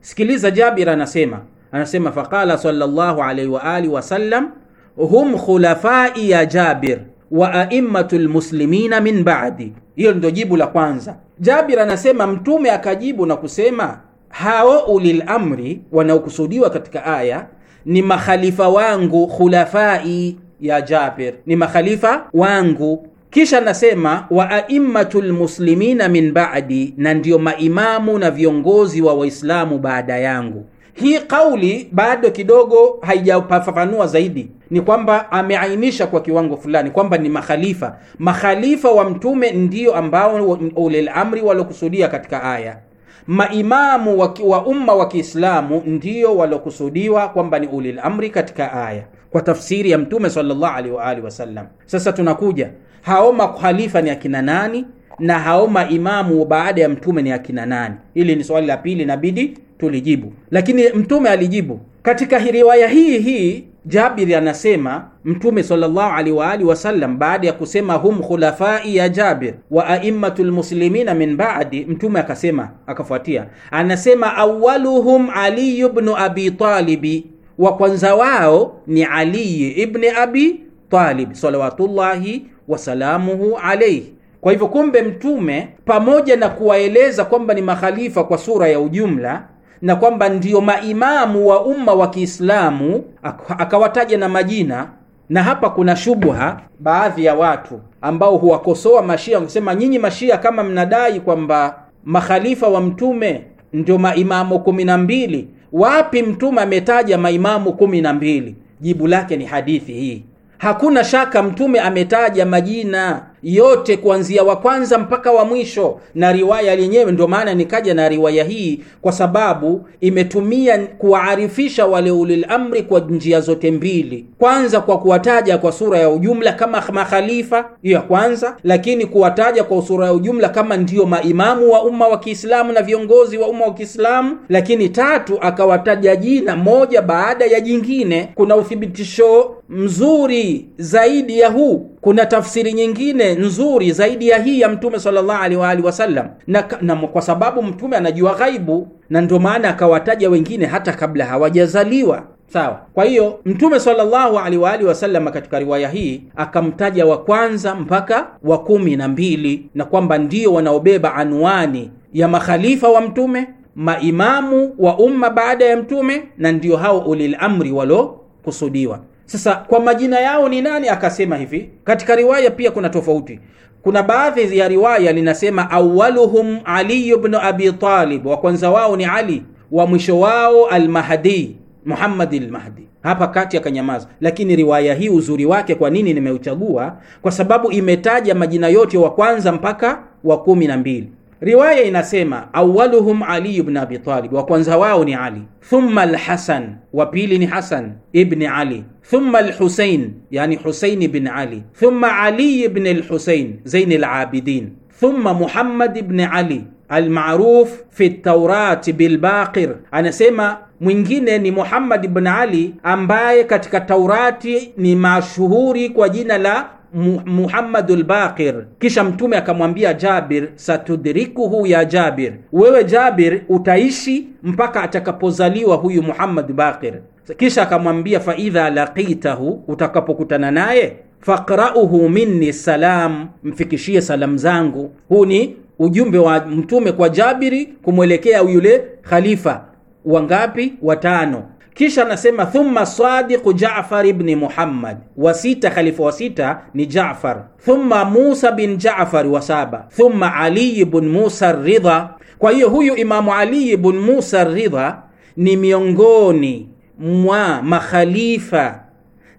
Sikiliza, Jabir anasema anasema, faqala sallallahu alaihi wa alihi wasallam, hum khulafai ya Jabir, wa aimmatu lmuslimina min ba'di. Hiyo ndio jibu la kwanza. Jabir anasema mtume akajibu na kusema, hao ulilamri wanaokusudiwa katika aya ni makhalifa wangu, khulafai ya Jabir ni makhalifa wangu. Kisha anasema wa aimmatu lmuslimina min ba'di, na ndio maimamu na viongozi wa Waislamu baada yangu. Hii kauli bado kidogo haijapafafanua zaidi, ni kwamba ameainisha kwa kiwango fulani kwamba ni makhalifa. Makhalifa wa mtume ndio ambao ulil amri waliokusudia katika aya. Maimamu wa, wa umma wa Kiislamu ndio waliokusudiwa kwamba ni ulil amri katika aya, kwa tafsiri ya mtume sallallahu alaihi wa alihi wasallam. Sasa tunakuja hao makhalifa ni akina nani? na hao maimamu baada ya mtume ni akina nani? Hili ni swali la pili inabidi tulijibu, lakini mtume alijibu katika riwaya hii hii. Jabiri anasema mtume sallallahu alaihi wa alihi wasallam, baada ya kusema hum khulafai ya Jabir wa aimmatul muslimina min baadi, mtume akasema, akafuatia anasema awaluhum Ali ibn Abi Talib, wa kwanza wao ni Ali ibn Abi Talib salawatullahi wasalamuhu alaihi kwa hivyo, kumbe mtume pamoja na kuwaeleza kwamba ni makhalifa kwa sura ya ujumla na kwamba ndiyo maimamu wa umma wa Kiislamu, akawataja na majina. Na hapa kuna shubha baadhi ya watu ambao huwakosoa mashia kusema, nyinyi mashia kama mnadai kwamba makhalifa wa mtume ndio maimamu kumi na mbili, wapi mtume ametaja maimamu kumi na mbili? Jibu lake ni hadithi hii. Hakuna shaka mtume ametaja majina yote kuanzia wa kwanza mpaka wa mwisho na riwaya yenyewe. Ndio maana nikaja na riwaya hii kwa sababu imetumia kuwaarifisha wale ulil amri kwa njia zote mbili, kwanza kwa kuwataja kwa sura ya ujumla kama makhalifa, hiyo ya kwanza, lakini kuwataja kwa sura ya ujumla kama ndio maimamu wa umma wa Kiislamu na viongozi wa umma wa Kiislamu. Lakini tatu, akawataja jina moja baada ya jingine. Kuna uthibitisho mzuri zaidi ya huu kuna tafsiri nyingine nzuri zaidi ya hii ya Mtume sallallahu alaihi wa alihi wasallam, na, na kwa sababu Mtume anajua ghaibu, na ndio maana akawataja wengine hata kabla hawajazaliwa. Sawa. Kwa hiyo Mtume sallallahu alaihi wa alihi wasallam katika riwaya hii akamtaja wa kwanza mpaka wa kumi na mbili na kwamba ndio wanaobeba anwani ya makhalifa wa Mtume, maimamu wa umma baada ya Mtume, na ndio hao ulil amri waliokusudiwa. Sasa kwa majina yao ni nani? Akasema hivi, katika riwaya pia kuna tofauti. Kuna baadhi ya riwaya linasema awaluhum Ali ibn Abi Talib, wa kwanza wao ni Ali, wa mwisho wao Almahdi, Muhammad lmahdi Hapa kati akanyamaza, lakini riwaya hii uzuri wake, kwa nini nimeuchagua? Kwa sababu imetaja majina yote, wa kwanza mpaka wa kumi na mbili. Riwaya inasema awaluhum Ali ibn Abi Talib, wa kwanza wao ni Ali, thumma al wa pili ni Hasan ibn Ali, thumma al yani Husayn ibn Ali, thumma Ali ibn al-Husayn Zain al thumma Muhammad ibn Ali almaruf fi Taurati bilbaqir, anasema mwingine ni Muhammad ibn Ali ambaye katika Taurati ni mashuhuri kwa jina la Muhammadul Baqir. Kisha mtume akamwambia Jabir, satudrikuhu ya Jabir, wewe Jabir utaishi mpaka atakapozaliwa huyu Muhammad Baqir. Kisha akamwambia faidha laqitahu, utakapokutana naye faqrauhu minni salam, mfikishie salamu zangu. Huu ni ujumbe wa mtume kwa Jabiri kumwelekea yule khalifa wangapi? Watano. Kisha anasema thumma sadiqu Jaafar ibni Muhammad, wa sita khalifa wa sita ni Jaafar. Thumma Musa bin Jaafar wa saba, thumma Ali ibn Musa Ridha. Kwa hiyo huyu Imamu Ali ibn Musa Ridha ni miongoni mwa makhalifa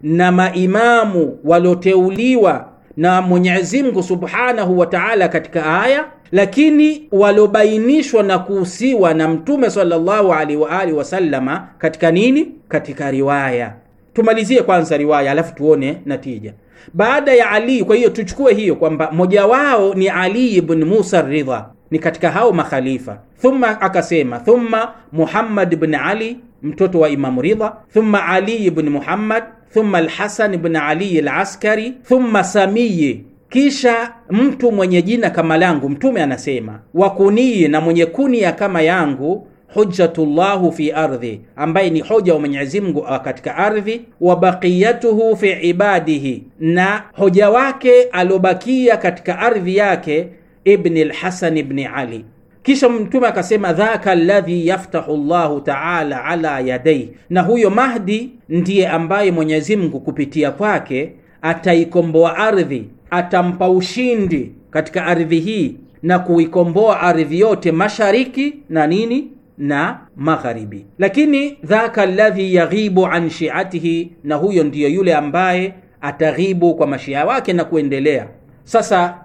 na maimamu walioteuliwa na Mwenyezi Mungu Subhanahu wa Ta'ala katika aya lakini waliobainishwa na kuhusiwa na Mtume sallallahu alaihi wa alihi wasallama katika nini? Katika riwaya. Tumalizie kwanza riwaya, alafu tuone natija baada ya Ali. Kwa hiyo tuchukue hiyo kwamba mmoja wao ni Ali ibn Musa Ridha, ni katika hao makhalifa. Thumma akasema thumma Muhammad ibn Ali, mtoto wa Imamu Ridha, thumma Ali ibn Muhammad, thumma Alhasan ibn Ali Alaskari, thumma Samiyi kisha mtu mwenye jina kama langu, Mtume anasema wakunii, na mwenye kunia kama yangu hujjatullahu fi ardhi, ambaye ni hoja wa Mwenyezi Mungu katika ardhi. Wa baqiyatuhu fi ibadihi, na hoja wake aliobakia katika ardhi yake, Ibni lhasan bni Ali. Kisha Mtume akasema dhaka alladhi yaftahu llahu taala ala yadaihi, na huyo Mahdi ndiye ambaye Mwenyezi Mungu kupitia kwake ataikomboa ardhi atampa ushindi katika ardhi hii na kuikomboa ardhi yote mashariki na nini na magharibi. Lakini dhaka alladhi yaghibu an shiatihi, na huyo ndiyo yule ambaye ataghibu kwa mashia wake na kuendelea. Sasa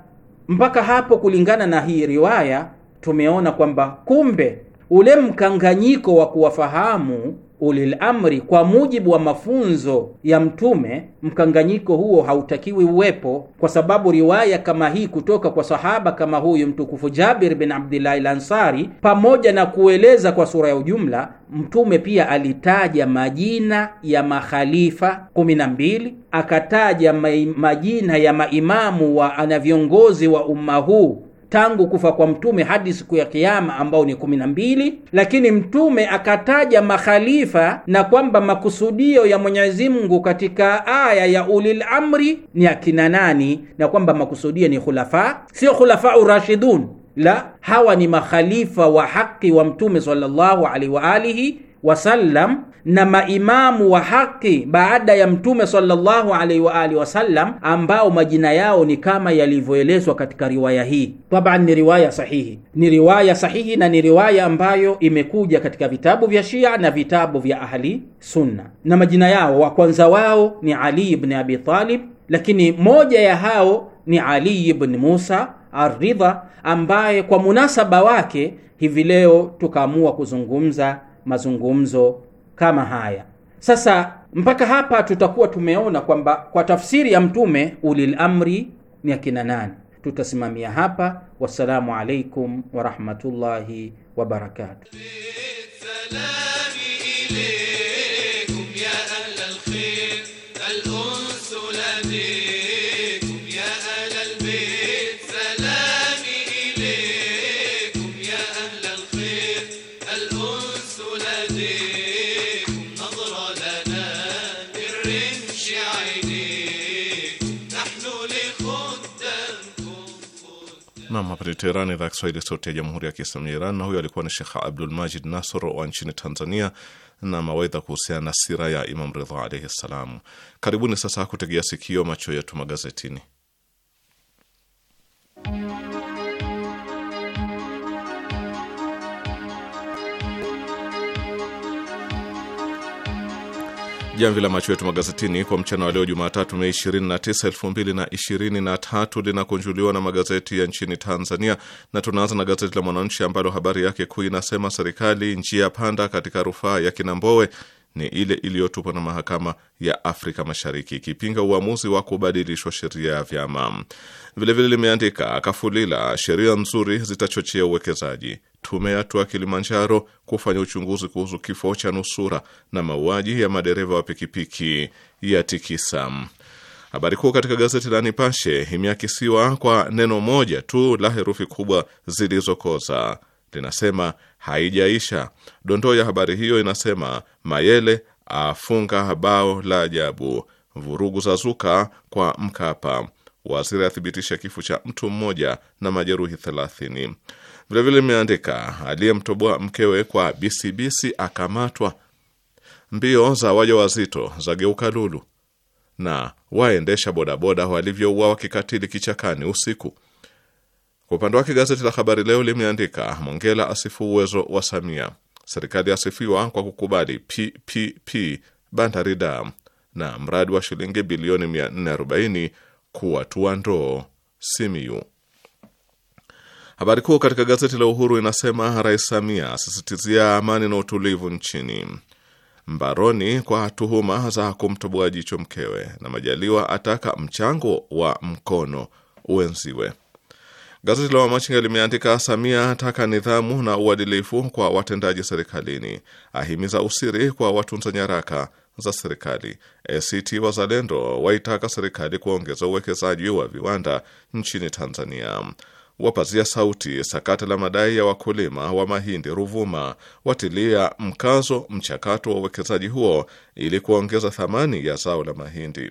mpaka hapo, kulingana na hii riwaya, tumeona kwamba kumbe ule mkanganyiko wa kuwafahamu ulil amri, kwa mujibu wa mafunzo ya Mtume, mkanganyiko huo hautakiwi uwepo, kwa sababu riwaya kama hii kutoka kwa sahaba kama huyu mtukufu Jabir bin Abdillahi Lansari, pamoja na kueleza kwa sura ya ujumla, Mtume pia alitaja majina ya makhalifa 12 akataja majina ya maimamu wa ana viongozi wa umma huu tangu kufa kwa mtume hadi siku ya Kiyama ambao ni kumi na mbili, lakini mtume akataja makhalifa na kwamba makusudio ya Mwenyezi Mungu katika aya ya ulil amri ni akina nani, na kwamba makusudio ni khulafa, sio khulafa urashidun. La, hawa ni makhalifa wa haki wa mtume sallallahu alihi wa alihi wasallam na maimamu wa haki baada ya Mtume sallallahu alaihi wa alihi wasallam ambao majina yao ni kama yalivyoelezwa katika riwaya hii. Taban ni riwaya sahihi, ni riwaya sahihi na ni riwaya ambayo imekuja katika vitabu vya Shia na vitabu vya Ahli Sunna, na majina yao wa kwanza wao ni Ali ibn Abi Talib, lakini moja ya hao ni Ali ibn Musa Aridha ambaye kwa munasaba wake hivi leo tukaamua kuzungumza mazungumzo kama haya. Sasa mpaka hapa tutakuwa tumeona kwamba kwa tafsiri ya Mtume ulil amri ni akina nani. Tutasimamia hapa. Wassalamu alaikum warahmatullahi wabarakatuh. hapa ni Teherani, idhaa Kiswahili, sauti ya jamhuri ya kiislamu ya Iran. Na huyo alikuwa ni Shekh Abdul Majid Nasr wa nchini Tanzania na mawaidha kuhusiana na sira ya Imam Ridha alaihi ssalam. Karibuni sasa kutegea sikio macho yetu magazetini. Jamvi la macho yetu magazetini kwa mchana wa leo Jumatatu, Mei 29, 2023 linakunjuliwa na magazeti ya nchini Tanzania, na tunaanza na gazeti la Mwananchi ambalo habari yake kuu inasema serikali njia panda katika rufaa ya Kinambowe ni ile iliyotupwa na mahakama ya Afrika Mashariki ikipinga uamuzi wa kubadilishwa sheria ya vyama. Vilevile limeandika Kafulila, sheria nzuri zitachochea uwekezaji tume ya tua Kilimanjaro kufanya uchunguzi kuhusu kifo cha nusura na mauaji ya madereva wa pikipiki ya Tikisa. Habari kuu katika gazeti la Nipashe imeakisiwa kwa neno moja tu la herufi kubwa zilizokoza, linasema haijaisha. Dondoo ya habari hiyo inasema Mayele afunga bao la ajabu, vurugu za zuka kwa Mkapa, waziri athibitisha kifo cha mtu mmoja na majeruhi thelathini. Vilevile imeandika aliyemtoboa mkewe kwa bisibisi akamatwa, mbio za waja za geuka lulu, na waendesha bodaboda walivyouawa kikatili kichakani usiku. Kwa upande wake gazeti la Habari Leo limeandika Mongela asifu uwezo wa Samia, serikali asifiwa kwa kukubali PPP bandari dam, na mradi wa shilingi bilioni 440 kuwatua ndoo Simiyu. Habari kuu katika gazeti la Uhuru inasema Rais Samia asisitizia amani na utulivu nchini, mbaroni kwa tuhuma za kumtoboa jicho mkewe, na Majaliwa ataka mchango wa mkono uenziwe. Gazeti la Wamachinga limeandika Samia ataka nidhamu na uadilifu kwa watendaji serikalini, ahimiza usiri kwa watunza nyaraka za serikali. ACT Wazalendo waitaka serikali kuongeza uwekezaji wa viwanda nchini Tanzania wapazia sauti sakata la madai ya wakulima wa mahindi Ruvuma, watilia mkazo mchakato wa uwekezaji huo ili kuongeza thamani ya zao la mahindi.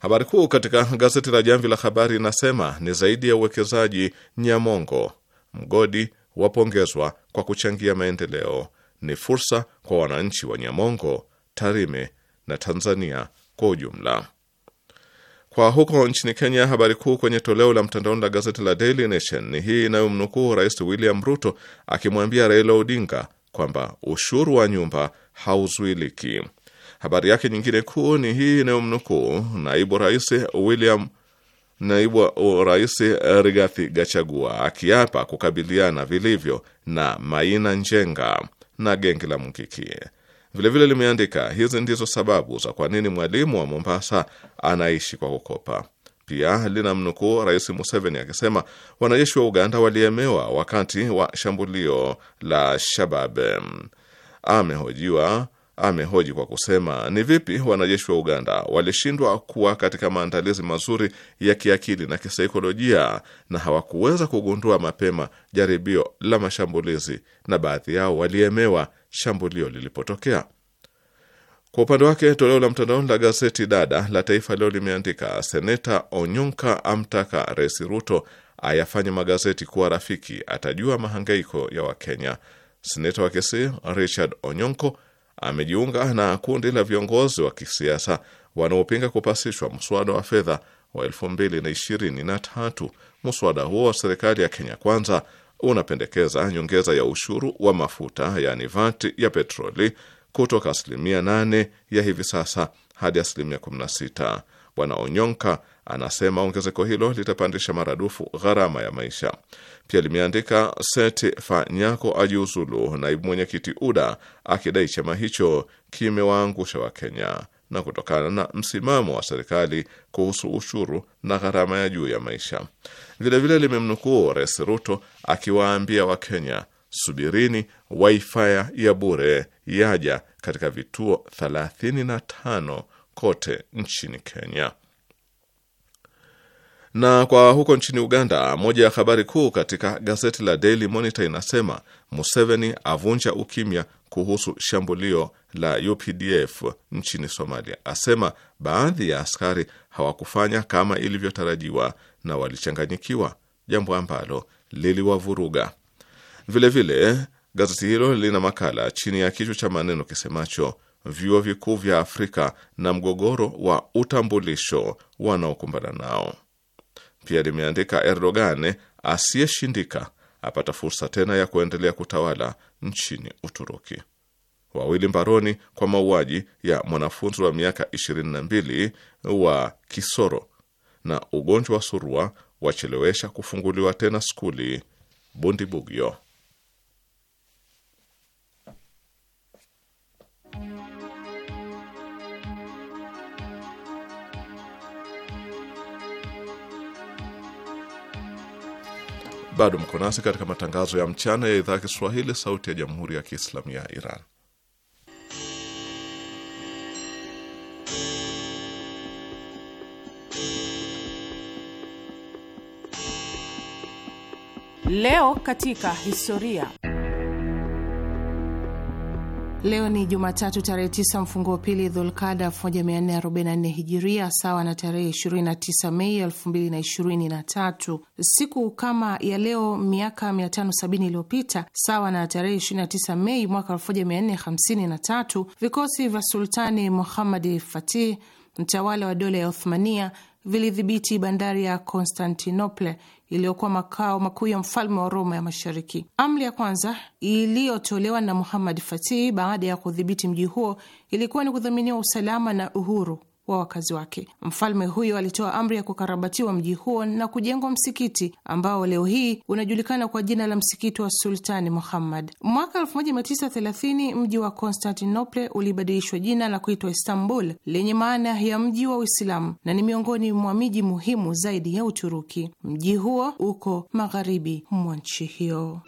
Habari kuu katika gazeti la Jamvi la Habari inasema ni zaidi ya uwekezaji Nyamongo, mgodi wapongezwa kwa kuchangia maendeleo, ni fursa kwa wananchi wa Nyamongo, Tarime na Tanzania kwa ujumla. Kwa huko nchini Kenya, habari kuu kwenye toleo la mtandaoni la gazeti la Daily Nation ni hii inayomnukuu Rais William Ruto akimwambia Raila Odinga kwamba ushuru wa nyumba hauzuiliki. Habari yake nyingine kuu ni hii inayomnukuu naibu rais William naibu rais Rigathi Gachagua akiapa kukabiliana vilivyo na Maina Njenga na gengi la Mkiki. Vilevile limeandika hizi ndizo sababu za kwa nini mwalimu wa Mombasa anaishi kwa kukopa. Pia lina mnukuu Rais Museveni akisema wanajeshi wa Uganda waliemewa wakati wa shambulio la Shabab. Amehojiwa amehoji kwa kusema ni vipi wanajeshi wa Uganda walishindwa kuwa katika maandalizi mazuri ya kiakili na kisaikolojia na hawakuweza kugundua mapema jaribio la mashambulizi, na baadhi yao waliemewa shambulio lilipotokea. Kwa upande wake toleo la mtandaoni la gazeti dada la Taifa Leo limeandika seneta Onyonka amtaka Rais Ruto ayafanye magazeti kuwa rafiki, atajua mahangaiko ya Wakenya. Seneta wa Kisii Richard Onyonko amejiunga na kundi la viongozi wa kisiasa wanaopinga kupasishwa mswada wa fedha wa tatu. Mswada huo wa serikali ya Kenya Kwanza unapendekeza nyongeza ya ushuru wa mafuta yani VAT ya petroli kutoka asilimia 8 ya hivi sasa hadi asilimia 16. Bwana Onyonka anasema ongezeko hilo litapandisha maradufu gharama ya maisha. Pia limeandika Seth Fanyako ajiuzulu naibu mwenyekiti UDA akidai chama hicho kimewaangusha Wakenya na kutokana na msimamo wa serikali kuhusu ushuru na gharama ya juu ya maisha. Vilevile limemnukuu Rais Ruto akiwaambia Wakenya, subirini wifi ya bure yaja katika vituo 35 kote nchini Kenya. Na kwa huko nchini Uganda, moja ya habari kuu katika gazeti la Daily Monitor inasema Museveni avunja ukimya kuhusu shambulio la UPDF nchini Somalia. Asema baadhi ya askari hawakufanya kama ilivyotarajiwa na walichanganyikiwa, jambo ambalo liliwavuruga. Vilevile gazeti hilo lina makala chini ya kichwa cha maneno kisemacho vyuo vikuu vya Afrika na mgogoro wa utambulisho wanaokumbana nao. Pia limeandika Erdogan asiyeshindika apata fursa tena ya kuendelea kutawala nchini Uturuki. Wawili mbaroni kwa mauaji ya mwanafunzi wa miaka 22 wa Kisoro na ugonjwa wa surua wachelewesha kufunguliwa tena skuli Bundibugyo. Bado mko nasi katika matangazo ya mchana ya idhaa Kiswahili, sauti ya jamhuri ya kiislamu ya Iran. Leo katika historia Leo ni Jumatatu tarehe 9 wa pili Dhulkada 1444 Hijiria, sawa na tarehe 29 Mei 2023. Siku kama ya leo miaka 570 iliyopita, sawa na tarehe 29 Mei mwaka 1453, vikosi vya Sultani Muhammadi Fatih, mtawala wa dola ya Othmania, vilidhibiti bandari ya constantinople iliyokuwa makao makuu ya mfalme wa Roma ya Mashariki. Amri ya kwanza iliyotolewa na Muhammad Fatih baada ya kudhibiti mji huo ilikuwa ni kudhaminiwa usalama na uhuru wa wakazi wake. Mfalme huyo alitoa amri ya kukarabatiwa mji huo na kujengwa msikiti ambao leo hii unajulikana kwa jina la msikiti wa Sultani Muhammad. Mwaka 1930 mji wa constantinople ulibadilishwa jina la kuitwa Istanbul, lenye maana ya mji wa Uislamu na ni miongoni mwa miji muhimu zaidi ya Uturuki. Mji huo uko magharibi mwa nchi hiyo.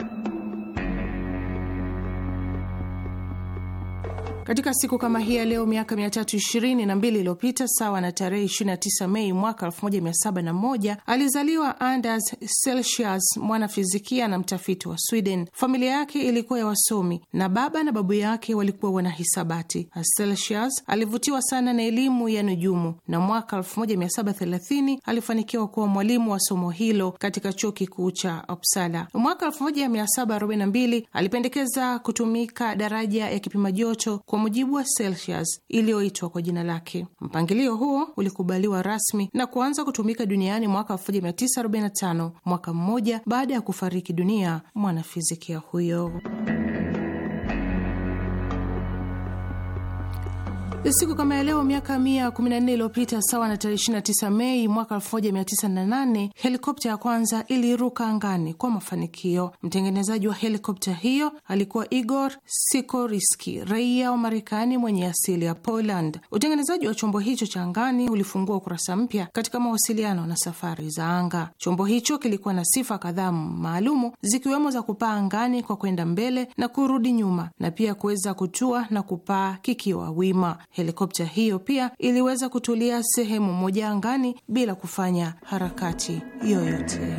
Katika siku kama hii ya leo miaka 322 iliyopita, sawa na tarehe 29 Mei mwaka 1701, alizaliwa Anders Celsius, mwanafizikia na mtafiti wa Sweden. Familia yake ilikuwa ya wasomi na baba na babu yake walikuwa wanahisabati. Celsius alivutiwa sana na elimu ya nujumu na mwaka 1730 alifanikiwa kuwa mwalimu wa somo hilo katika chuo kikuu cha Uppsala. Mwaka 1742 alipendekeza kutumika daraja ya kipima joto kwa mujibu wa Celsius iliyoitwa kwa jina lake. Mpangilio huo ulikubaliwa rasmi na kuanza kutumika duniani mwaka 1945, mwaka mmoja baada ya kufariki dunia mwanafizikia huyo. Siku kama ya leo miaka 114 iliyopita, sawa na tarehe 29 Mei mwaka 1908, helikopta ya kwanza iliruka angani kwa mafanikio. Mtengenezaji wa helikopta hiyo alikuwa Igor Sikoriski, raia wa Marekani mwenye asili ya Poland. Utengenezaji wa chombo hicho cha angani ulifungua ukurasa mpya katika mawasiliano na safari za anga. Chombo hicho kilikuwa na sifa kadhaa maalumu, zikiwemo za kupaa angani kwa kwenda mbele na kurudi nyuma, na pia kuweza kutua na kupaa kikiwa wima. Helikopta hiyo pia iliweza kutulia sehemu moja angani bila kufanya harakati yoyote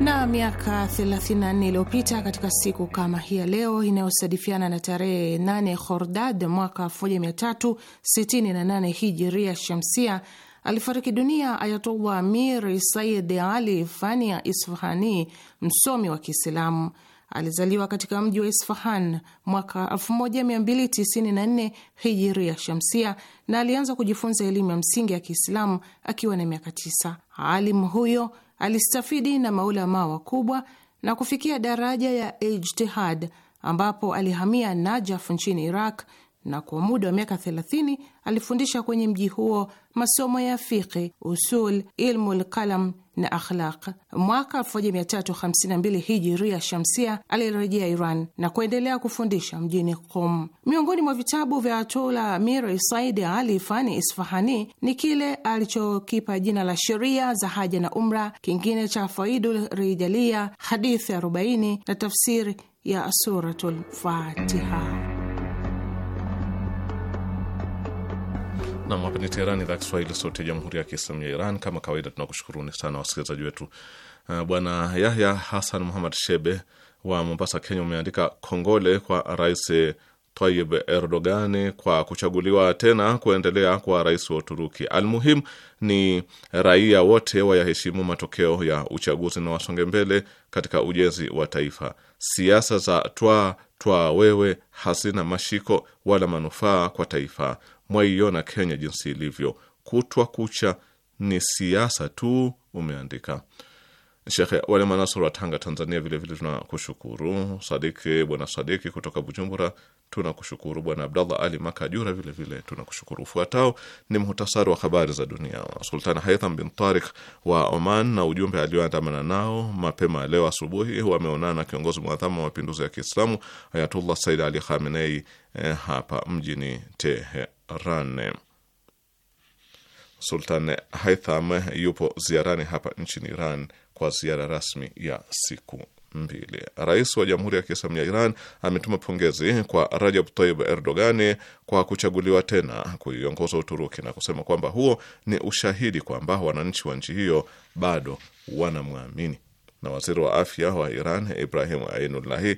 na miaka 34 iliyopita katika siku kama hii ya leo inayosadifiana na tarehe 8 Khordad mwaka 1368 hijiria shamsia, alifariki dunia Ayatollah Amir Said Ali Fania Isfahani, msomi wa Kiislamu. Alizaliwa katika mji wa Isfahan mwaka 1294 ya shamsia na alianza kujifunza elimu ya msingi ya Kiislamu akiwa na miaka tisa. alim huyo alistafidi na maulamaa wakubwa na kufikia daraja ya ijtihad, ambapo alihamia Najaf nchini Iraq na kwa muda wa miaka 30 alifundisha kwenye mji huo masomo ya fiqhi, usul, ilmul kalam na akhlaq. Mwaka 1352 hijiria shamsia alirejea Iran na kuendelea kufundisha mjini Qom. Miongoni mwa vitabu vya Atola Mir Saidi Ali Fani Isfahani ni kile alichokipa jina la Sheria za Haja na Umra, kingine cha Faidul Rijalia, Hadithi 40 na tafsiri ya Suratul Fatiha. Nam, hapa ni Teherani, idhaa Kiswahili, sauti ya jamhuri ya kiislamu ya Iran. Kama kawaida, tunakushukuruni sana wasikilizaji wetu. Uh, bwana Yahya Hasan Muhamad Shebe wa Mombasa, Kenya, umeandika kongole kwa Rais Tayyip Erdogan kwa kuchaguliwa tena kuendelea kwa rais wa Uturuki. Almuhimu ni raia wote wayaheshimu matokeo ya uchaguzi na wasonge mbele katika ujenzi wa taifa. Siasa za twa twa wewe hazina mashiko wala manufaa kwa taifa mwaiona Kenya jinsi ilivyo, kutwa kucha ni siasa tu, umeandika Shekhe wale Manasur wa Tanga, Tanzania. Vilevile tunakushukuru Sadiki, bwana Sadiki kutoka Bujumbura, tunakushukuru bwana Abdallah Ali Makajura, vilevile tunakushukuru. Ufuatao ni muhtasari wa habari za dunia. Sultan Haitham bin Tarik wa Oman na ujumbe alioandamana nao mapema leo asubuhi wameonana na kiongozi mwadhamu wa mapinduzi ya Kiislamu Ayatullah Said Ali Khamenei eh, hapa mjini Teheran. Rane. Sultan Haitham yupo ziarani hapa nchini Iran kwa ziara rasmi ya siku mbili. Rais wa Jamhuri ya Kiislamu ya Iran ametuma pongezi kwa Rajab Tayyip Erdogani kwa kuchaguliwa tena kuiongoza Uturuki na kusema kwamba huo ni ushahidi kwamba wananchi wa nchi hiyo bado wanamwamini. Na waziri wa afya wa Iran Ibrahim Ainullahi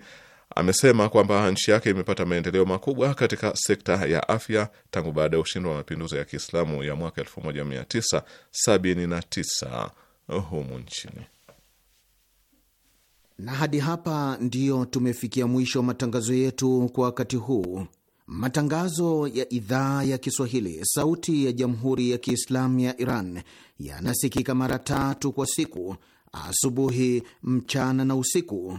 Amesema kwamba nchi yake imepata maendeleo makubwa katika sekta ya afya tangu baada ya ushindi wa mapinduzi ya Kiislamu ya mwaka 1979 humu nchini. Na hadi hapa ndiyo tumefikia mwisho wa matangazo yetu kwa wakati huu. Matangazo ya idhaa ya Kiswahili, sauti ya jamhuri ya Kiislamu ya Iran yanasikika mara tatu kwa siku: asubuhi, mchana na usiku.